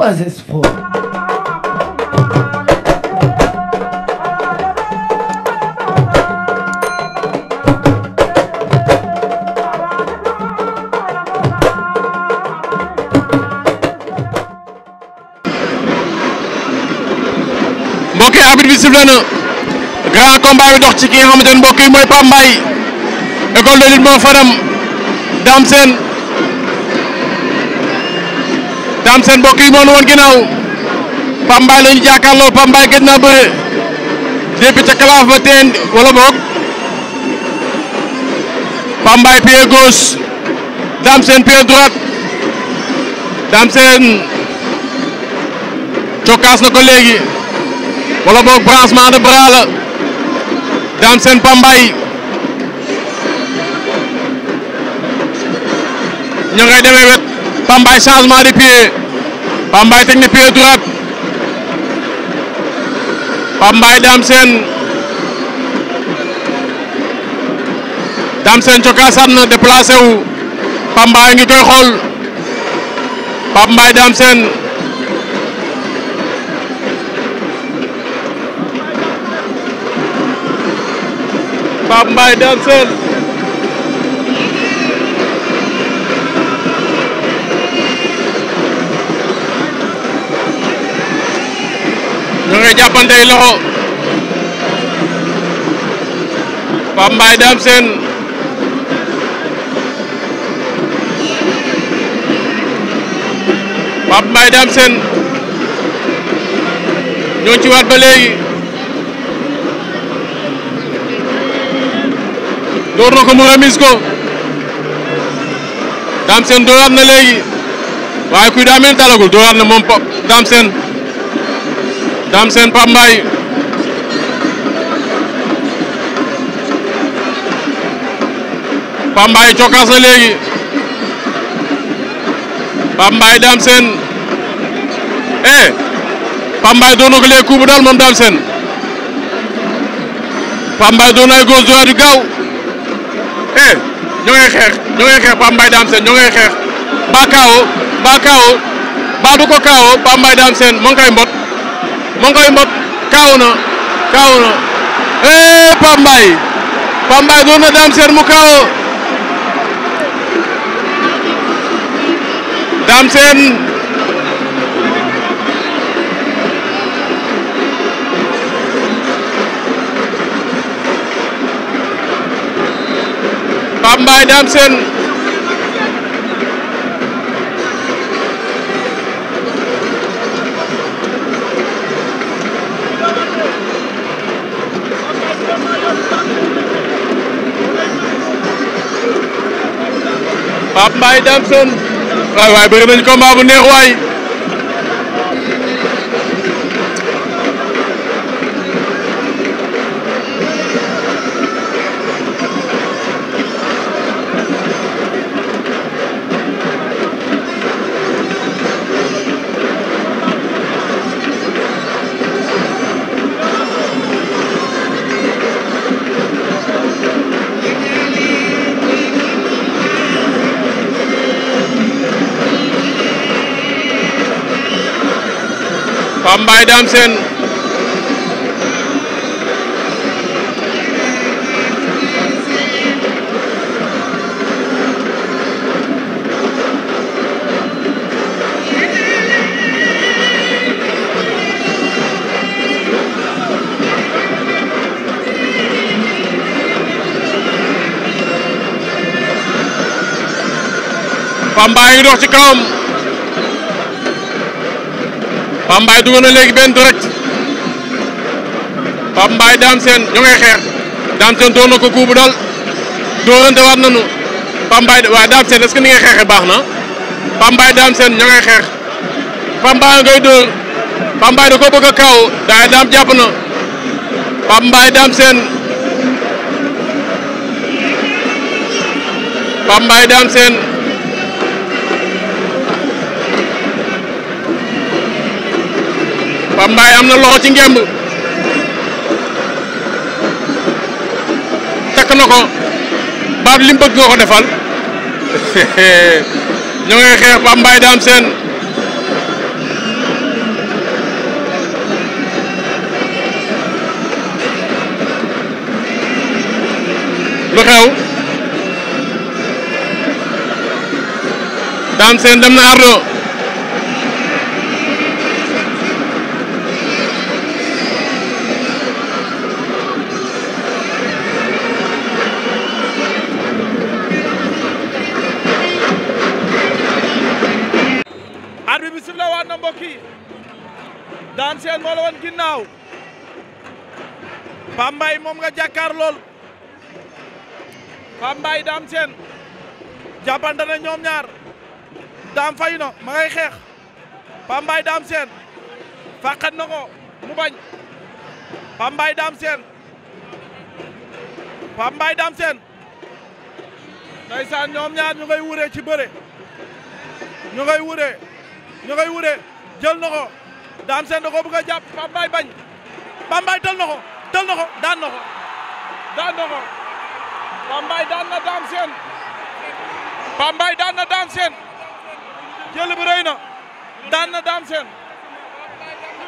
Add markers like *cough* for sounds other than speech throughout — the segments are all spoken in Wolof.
trois espoirs. mbokk yi arbitre bi sifflé na grand combat bi dox ci ki nga xamante ne mbokk yi mooy Pape Mbaye école de lutte moo faram Dame Sène Dame Sène mbokk yi moo nu woon ginnaaw Pape Mbaye la bëre depuis ca kalaaf ba teen wala boog Pape Mbaye pied gauche Dame Sène pied droite na ko léegi wala boog branchement de bras la Dame Sène Pape Mbaye ña changement de pied Pape Mbaye teg na pied droite Pape Mbaye Dame Sène Dame Sène cokkaasat na déplacé wu Pape Mbaye ngi koy xool Pape Mbaye Dame Sène Pape Mbaye Dame Sène jàppantey loxo Pape Mbaye Dame Sène Pape Mbaye Dame waat ba léegi door ko mu remise ko Dame Sène dooraat na léegi waaye kuy daa mel talagul dooraat na moom Dame Sène Dame Sène Pape Mbaye Pape Mbaye cokkaas na léegi Pape Mbaye Dame Sène eh Pape Mbaye doon na dal moom Dame Sène Pape Mbaye doon na ay gauche droite yu gaaw eh ñu ngay xeex ñu ngay xeex Pape Mbaye Dame Sène ñu ba kaawo ba kaawo ba du ko kaawo Pape Mbaye Dame Sène mbot ma ngi koy mbot kaaw na kaaw na eh Pape Mbaye Pape Mbaye mu kaawoo Dame Sène Pape Pape Mbaye Dame Sène waay waay bëri nañ combat bu neex waay Lambaye Dame Sène Pambaay ngi dox ci kawam Pape Mbaye dugal na léegi benn direct Pape Mbaye Dame Sène xeex Dame Sène door ko kuubu dal doorante waat nañu Pape Mbaye waaye Dame Sène est ni ngay xeexee baax na Pape Mbaye Dame Sène ñu ngay xeex Pape Mbaye ngay dóor daam jàpp Pape am na loxo ci ngemb takk na ko Pape li mu bëgg ko defal *laughs* ñoo ngay xeex Pape Mbaye Dame Sène lu xew Dame Sène dem na Ardo daan seen moo la woon ginnaaw Pambay moom nga jàkkaar lool Pambay daam seen jàppante na ñoom ñaar daam fayu na ma ngay xeex Pambay daam seen fàqat na ko mu bañ Pambay daam seen Pambay daam seen ndeysaan ñoom ñaar ñu ngay wuree ci bëre ñu ngay wure ñu ngay wuree jël na ko daan seen da koo bëgg Pambaay bañ Pambaay tal na ko tal daan na daan na Pambaay daan na daan seen Pambaay daan na daan seen jël bi na daan na daan seen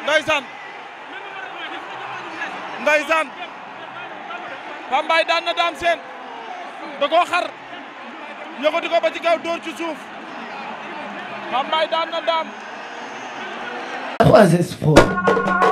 ndeysaan xar yëkkati ko ba ci Pambaay daan na daam trois espoirs.